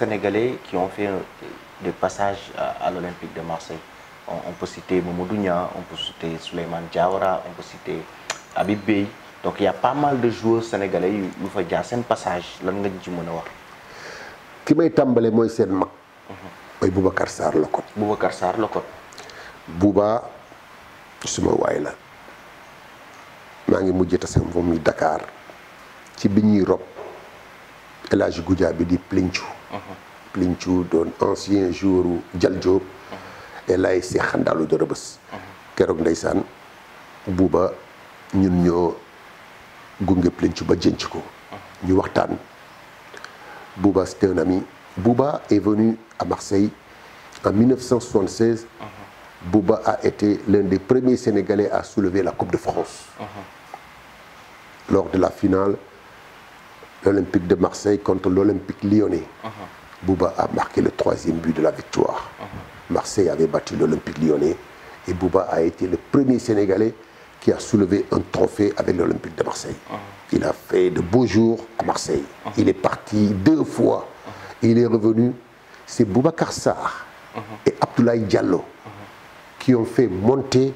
Sénégalais qui ont fait des passages à, l'Olympique de Marseille. On, peut citer Momodounia, on peut citer Souleymane Diawara, on peut citer Habib Bey. Donc il y a pas mal de joueurs sénégalais qui ont fait des passages, passage lan nga tu peux a wax. ki may tàmbale mooy seen mag. Mhm. mooy Boubacar Sarr Lokot. Boubacar Sarr Lokot. Bouba suma waay la maa ngi mujj tase moom Dakar ci bi ñuy rob El Hadj Goudia bi di choses. Plinchu uh-huh. un ancien jour où Diop uh-huh. et là il s'est de à uh-huh. keroog ndeysaan buuba ñun ñoo Bouba Plinchu ba jënc ko ñu Bouba c'était un ami Bouba est venu à Marseille en 1976 Bouba a été l'un des premiers Sénégalais à soulever la Coupe de France lors de la finale l'Olympique de Marseille contre l'Olympique lyonnais. Uh-huh. Bouba a marqué le troisième but de la victoire. Uh-huh. Marseille avait battu l'Olympique lyonnais et Bouba a été le premier Sénégalais qui a soulevé un trophée avec l'Olympique de Marseille. Uh-huh. Il a fait de beaux jours à Marseille. Il est parti deux fois. Il est revenu. C'est Bouba Karsar et Abdoulaye Diallo qui ont fait monter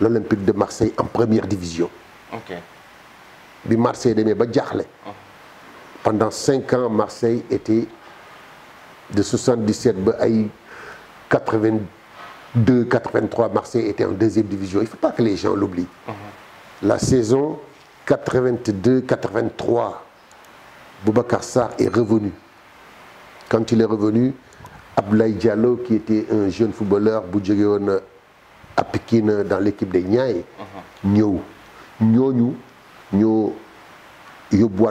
l'Olympique de Marseille en première division. Mais Marseille pendant cinq ans Marseille était de 77 à 82 83 Marseille était en deuxième division il faut pas que les gens l'oublient mhm. la saison 82 83 Boubacar Sarr est revenu quand il est revenu Abdoulaye Diallo qui était un jeune footballeur bu à Pékin dans l'équipe des Nyo, il a ñoo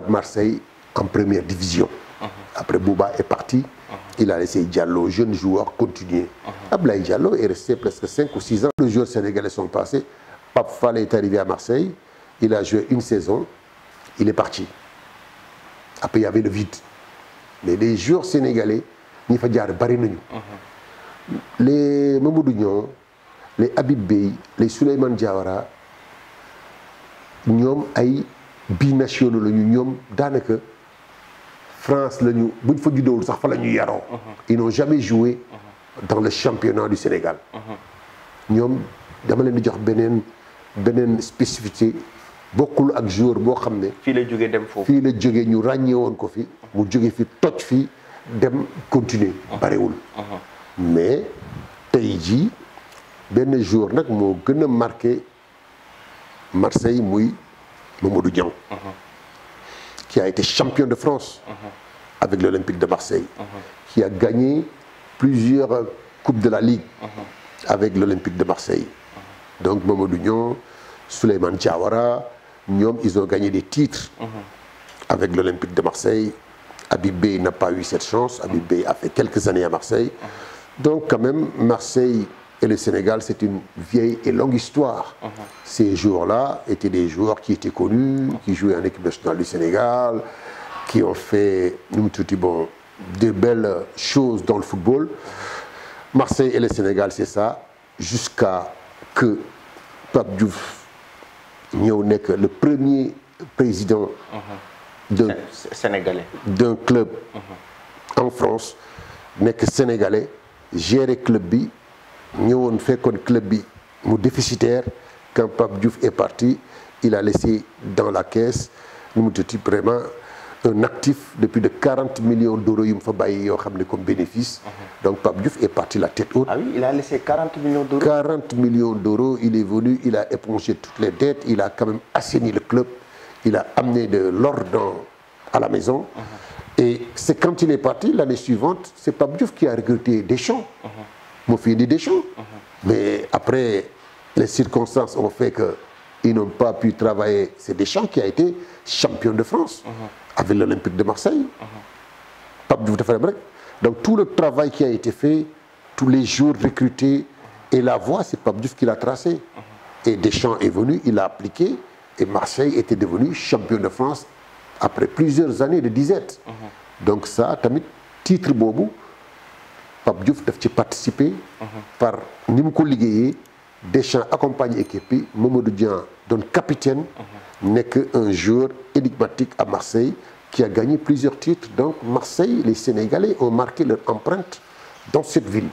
Marseille en première division. Uh-huh. Après, Bouba est parti. Uh-huh. Il a laissé Diallo, jeune joueur, continuer. Uh-huh. Ablaï Diallo est resté presque 5 ou 6 ans. Le joueurs sénégalais sont passés. Pape Fall est arrivé à Marseille. Il a joué une saison. Il est parti. Après, il y avait le vide. Mais les joueurs sénégalais, ni Barinou. Les Mamoudou les Habib Bey, les Souleymane Diawara, ils ay binationaux Ils ont France la ñu buñ fa juddoowul sax fa la ñu yaroo. Uh-huh. ils n'ont jamais joué uh-huh. dans le championnat du Sénégal. Uh-huh. ñoom dama leen di jox beneen beneen spécificité bokkul ak joueur boo xam ne. fii la jógee dem foofu fii la jógee ñu ràññee woon ko fi. mu jógee fi toj fii dem continuer barewul. mais tey jii benn joueur nag moo gën marqué Marseille muy Mamadou Niang qui a été champion de France uh-huh. avec l'Olympique de Marseille, uh-huh. qui a gagné plusieurs Coupes de la Ligue uh-huh. avec l'Olympique de Marseille. Donc Mamadou Nion, Souleymane Diawara, ils ont gagné des titres avec l'Olympique de Marseille. Abibé n'a pas eu cette chance. Abibé a fait quelques années à Marseille. Donc quand même, Marseille et le Sénégal, c'est une vieille et longue histoire. Uh-huh. Ces joueurs-là étaient des joueurs qui étaient connus, qui jouaient en équipe nationale du Sénégal, qui ont fait nous, bon, de belles choses dans le football. Marseille et le Sénégal, c'est ça, jusqu'à que Pape Diouf que le premier président uh-huh. de Sénégalais d'un club uh-huh. en France, n'est que sénégalais, le club B, nous avons fait bi club déficitaire quand Pape Diouf est parti il a laissé dans la caisse nous vraiment un actif de plus de 40 millions d'euros Il comme bénéfice. Mhm. donc Pape Diouf est parti la tête haute. ah oui il a laissé 40 millions d'euros. 40 millions d'euros il est venu il a épongé toutes les dettes il a quand même assaini le club il a amené de l'ordre à la maison. Mhm. et c'est quand il est parti l'année suivante c'est Pape Diouf qui a recruté des champs. Mhm dit Deschamps. Mhm. Mais après, les circonstances ont fait qu'ils n'ont pas pu travailler. C'est Deschamps qui a été champion de France mhm. avec l'Olympique de Marseille. Mhm. Donc tout le travail qui a été fait, tous les jours recrutés, et la voie, c'est duf qui l'a tracé. Et Deschamps est venu, il a appliqué, et Marseille était devenu champion de France après plusieurs années de disette. Donc ça, mis titre Bobo, Pape Diouf participer. par ni Ligueye, Deschamps accompagne équipe Momodou Mamadou capitaine. n'est qu'un joueur énigmatique à Marseille qui a gagné plusieurs titres donc Marseille les Sénégalais ont marqué leur empreinte dans cette ville.